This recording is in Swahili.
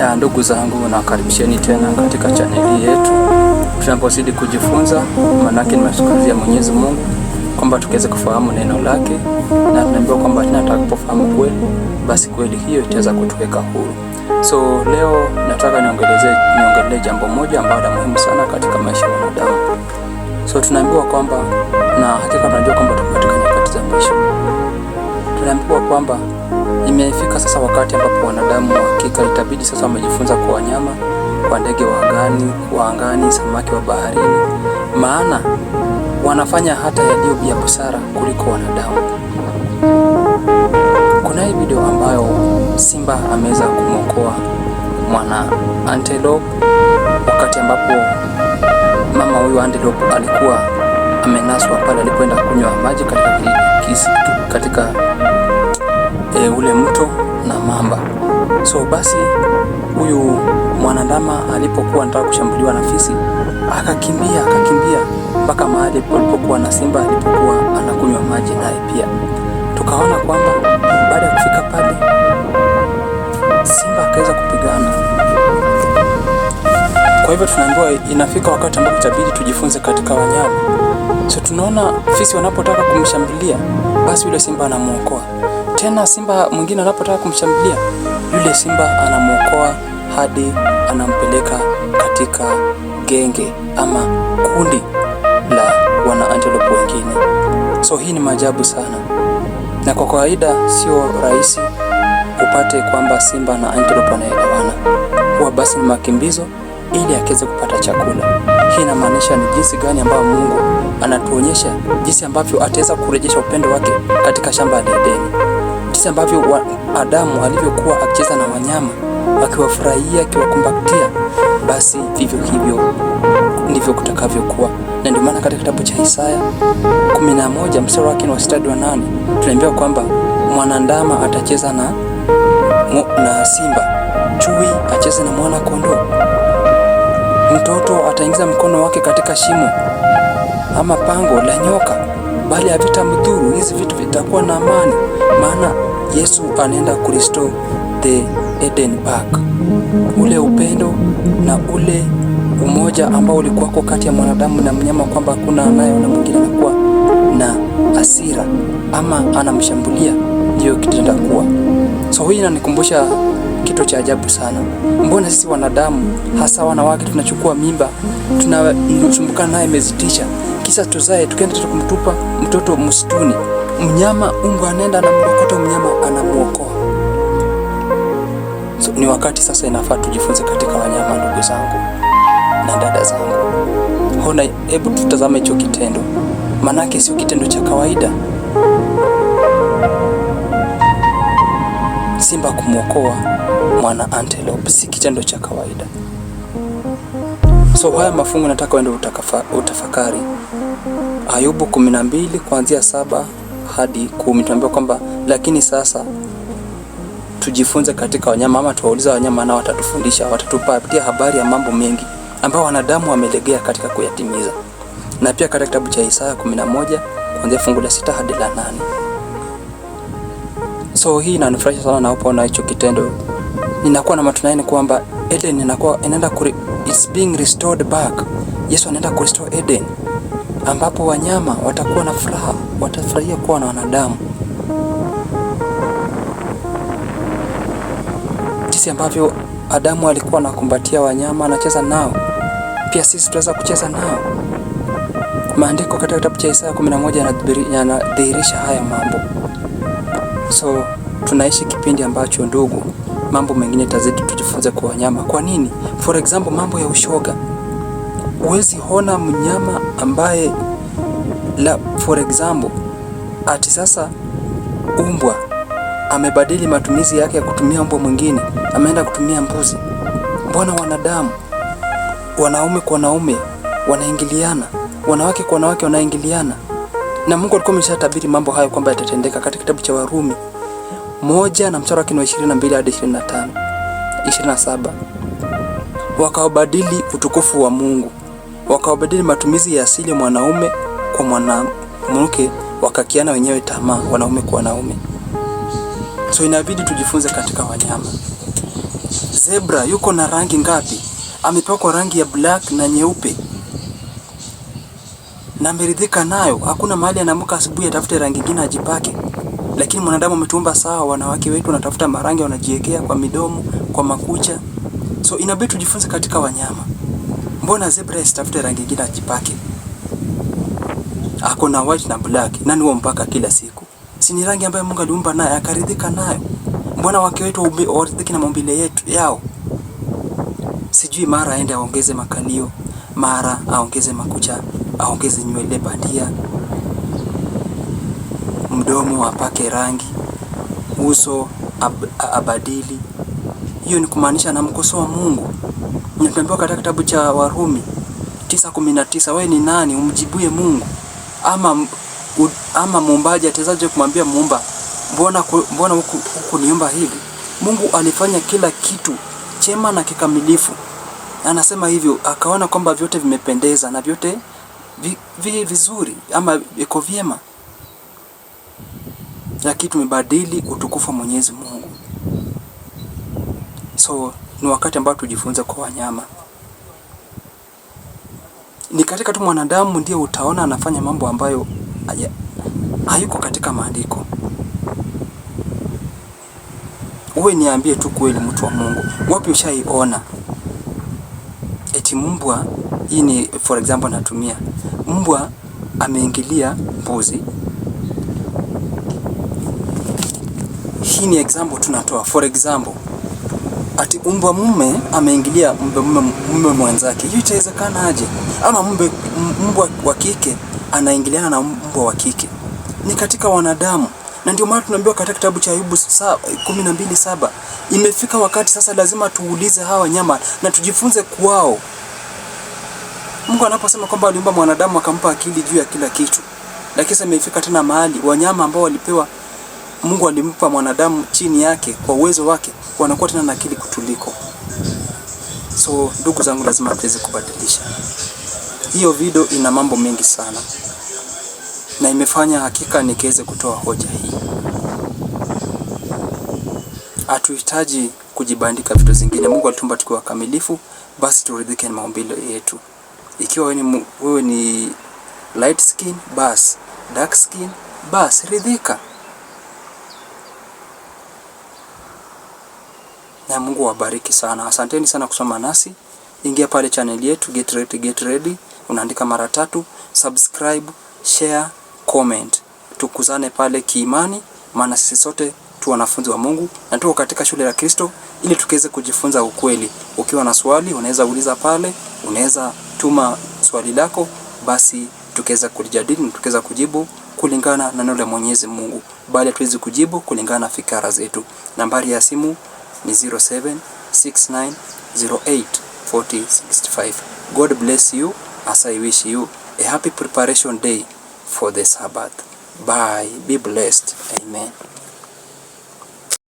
Ya ndugu zangu, nakaribisheni tena katika chaneli yetu tunapozidi kujifunza, maanake nimeshukuru ya Mwenyezi Mungu kwamba tukiweza kufahamu neno lake, na tunaambiwa kwamba tena tutakapofahamu kweli, basi kweli hiyo itaweza kutuweka huru. So leo nataka niongeleze niongelee jambo moja ambalo ni muhimu sana katika maisha ya wanadamu. So tunaambiwa kwamba na hakika tunajua kwamba tupo katika nyakati za mwisho, tunaambiwa kwamba Imefika sasa wakati ambapo wanadamu wa hakika itabidi sasa wamejifunza kwa wanyama, kwa ndege wa angani, samaki wa baharini, maana wanafanya hata yaliyo ya busara kuliko wanadamu. Kuna hii video ambayo simba ameweza kumwokoa mwana antelope wakati ambapo mama huyu antelope alikuwa amenaswa pale alipoenda kunywa maji katika kisi, katika e, ule mto na mamba. So basi huyu mwanandama alipokuwa anataka kushambuliwa na fisi, akakimbia akakimbia mpaka mahali palipokuwa na simba alipokuwa anakunywa maji naye pia. Tukaona kwamba baada ya kufika pale simba akaweza kupigana. Kwa hivyo tunaambiwa inafika wakati ambapo itabidi tujifunze katika wanyama. So tunaona fisi wanapotaka kumshambulia, basi yule simba anamwokoa. Tena simba mwingine anapotaka kumshambulia yule simba anamwokoa hadi anampeleka katika genge ama kundi la wana antelope wengine. So hii ni maajabu sana, na kwa kawaida sio rahisi upate kwamba simba na antelope wanaelewana, huwa basi ni makimbizo ili akiweze kupata chakula. Hii inamaanisha ni jinsi gani ambayo Mungu anatuonyesha jinsi ambavyo ataweza kurejesha upendo wake katika shamba la Edeni jinsi ambavyo Adamu alivyokuwa akicheza na wanyama akiwafurahia, akiwakumbatia, basi vivyo hivyo ndivyo kutakavyokuwa. Na ndio maana katika kitabu cha Isaya 11 mstari wake wa sita hadi wa nane tunaambiwa kwamba mwanandama atacheza na, na simba, chui acheze na mwana kondoo, mtoto ataingiza mkono wake katika shimo ama pango la nyoka bali havitamdhuru. Hizi vitu vitakuwa na amani, maana Yesu anaenda kuristo the Eden Park, ule upendo na ule umoja ambao ulikuwako kati ya mwanadamu na mnyama, kwamba hakuna anayo na mwingine anakuwa na hasira ama anamshambulia, ndiyo kitenda kuwa. So hii inanikumbusha kitu cha ajabu sana. Mbona sisi wanadamu, hasa wanawake, tunachukua mimba, tunamsumbukana naye, imezitisha kisa tuzae, tukienda tukumtupa mtoto msituni, mnyama umbo anaenda anamrokota mnyama, anamwokoa. So, ni wakati sasa inafaa tujifunze katika wanyama, ndugu zangu na dada zangu. Hona, hebu tutazame hicho kitendo, maanake sio kitendo cha kawaida. Simba kumwokoa mwana antelope si kitendo cha kawaida. So haya mafungu nataka uende utafakari. Ayubu kumi kuanzia saba hadi kumi tunaambiwa kwamba lakini sasa tujifunze katika wanyama, ama tuwauliza wanyama nao watatufundisha, watatupa pia habari ya mambo mengi ambao wanadamu wamelegea katika kuyatimiza. Na pia katika kitabu cha Isaya 11 kuanzia fungu la sita hadi la nane. So hii inanifurahisha sana napoona hicho kitendo, ninakuwa na matumaini kwamba Eden inakuwa inaenda is being restored back. Yesu anaenda ku restore Eden ambapo wanyama watakuwa na furaha, watafurahia kuwa na wanadamu. Jinsi ambavyo Adamu alikuwa anakumbatia wanyama, anacheza nao, pia sisi tunaweza kucheza nao. Maandiko katika kitabu cha Isaya 11 yanadhihirisha haya mambo. So tunaishi kipindi ambacho ndugu mambo mengine tazidi tujifunze kwa wanyama. Kwa nini? For example, mambo ya ushoga, huwezi ona mnyama ambaye la, for example ati sasa umbwa amebadili matumizi yake ya kutumia mbwa mwingine, ameenda kutumia mbuzi. Mbona wanadamu wanaume kwa wanaume wanaingiliana, wanawake kwa wanawake wanaingiliana, na Mungu alikuwa ameshatabiri mambo hayo kwamba yatatendeka katika kitabu cha Warumi moja na mchoro wake ni wa 22 hadi 25 27. wakawabadili utukufu wa Mungu, wakawabadili matumizi ya asili mwanaume kwa mwanamke, wakakiana wenyewe tamaa, wanaume kwa wanaume. So inabidi tujifunze katika wanyama. Zebra yuko na rangi ngapi? Amepakwa rangi ya black na nyeupe na ameridhika nayo. Hakuna mahali anaamka asubuhi atafute rangi nyingine ajipake. Lakini mwanadamu umetuumba sawa, wanawake wetu wanatafuta marangi, wanajiwekea kwa midomo, kwa makucha. So inabidi tujifunze katika wanyama. Mbona zebra isitafute rangi kila ajipake? Ako na white na black, nani huo mpaka kila siku? Si ni rangi ambayo Mungu aliumba naye akaridhika nayo. Mbona wake wetu waridhiki na maumbile yetu yao? Sijui mara aende aongeze makalio, mara aongeze makucha, aongeze nywele bandia mdomo apake rangi, uso ab, abadili. Hiyo ni kumaanisha anamkosoa Mungu. Tunaambiwa katika kitabu cha Warumi 9:19, wewe ni nani umjibuye Mungu? Ama u, ama muumbaji atawezaje kumwambia muumba mbona mbona hukuniumba hivi? Mungu alifanya kila kitu chema na kikamilifu. Anasema hivyo, akaona kwamba vyote vimependeza na vyote vi, vi vizuri ama viko vyema lakini tumebadili utukufu wa Mwenyezi Mungu. So ni wakati ambao tujifunze kwa wanyama. Ni katika tu mwanadamu ndiye utaona anafanya mambo ambayo hayuko katika maandiko. Uwe niambie tu kweli, mtu wa Mungu, wapi ushaiona eti mbwa? Hii ni for example natumia, mbwa ameingilia mbuzi hii ni example tunatoa, for example ati umbwa mume ameingilia mume mume mwenzake, hiyo itawezekana aje? Ama mbe, mbwa wa kike anaingiliana na mbwa wa kike, ni katika wanadamu, na ndio maana tunaambiwa katika kitabu cha Ayubu kumi na mbili saba imefika wakati sasa lazima tuulize hawa nyama na tujifunze kwao. Mungu anaposema kwamba aliumba mwanadamu akampa akili juu ya kila kitu, lakini sasa imefika tena mahali wanyama ambao walipewa Mungu alimpa mwanadamu chini yake kwa uwezo wake, wanakuwa tena na akili kutuliko. So ndugu zangu, lazima tuweze kubadilisha. Hiyo video ina mambo mengi sana na imefanya hakika nikiweze kutoa hoja hii. Hatuhitaji kujibandika vitu zingine. Mungu alitumba tukiwa kamilifu, basi turidhike na maumbile yetu. Ikiwa wewe ni, wewe ni light skin, basi dark skin, basi ridhika. na Mungu awabariki sana. Asanteni sana kusoma nasi. Ingia pale channel yetu Get Ready Get Ready, unaandika mara tatu, subscribe, share, comment. Tukuzane pale kiimani, maana sisi sote tu wanafunzi wa Mungu na tuko katika shule ya Kristo ili tukiweze kujifunza ukweli. Ukiwa na swali unaweza uliza pale, unaweza tuma swali lako, basi tukiweza kulijadili na tukiweza kujibu kulingana na neno la Mwenyezi Mungu, bali hatuwezi kujibu kulingana na fikara zetu. Nambari ya simu ni 0769084065. God bless you as I wish you a happy preparation day for the Sabbath. Bye. Be blessed. Amen.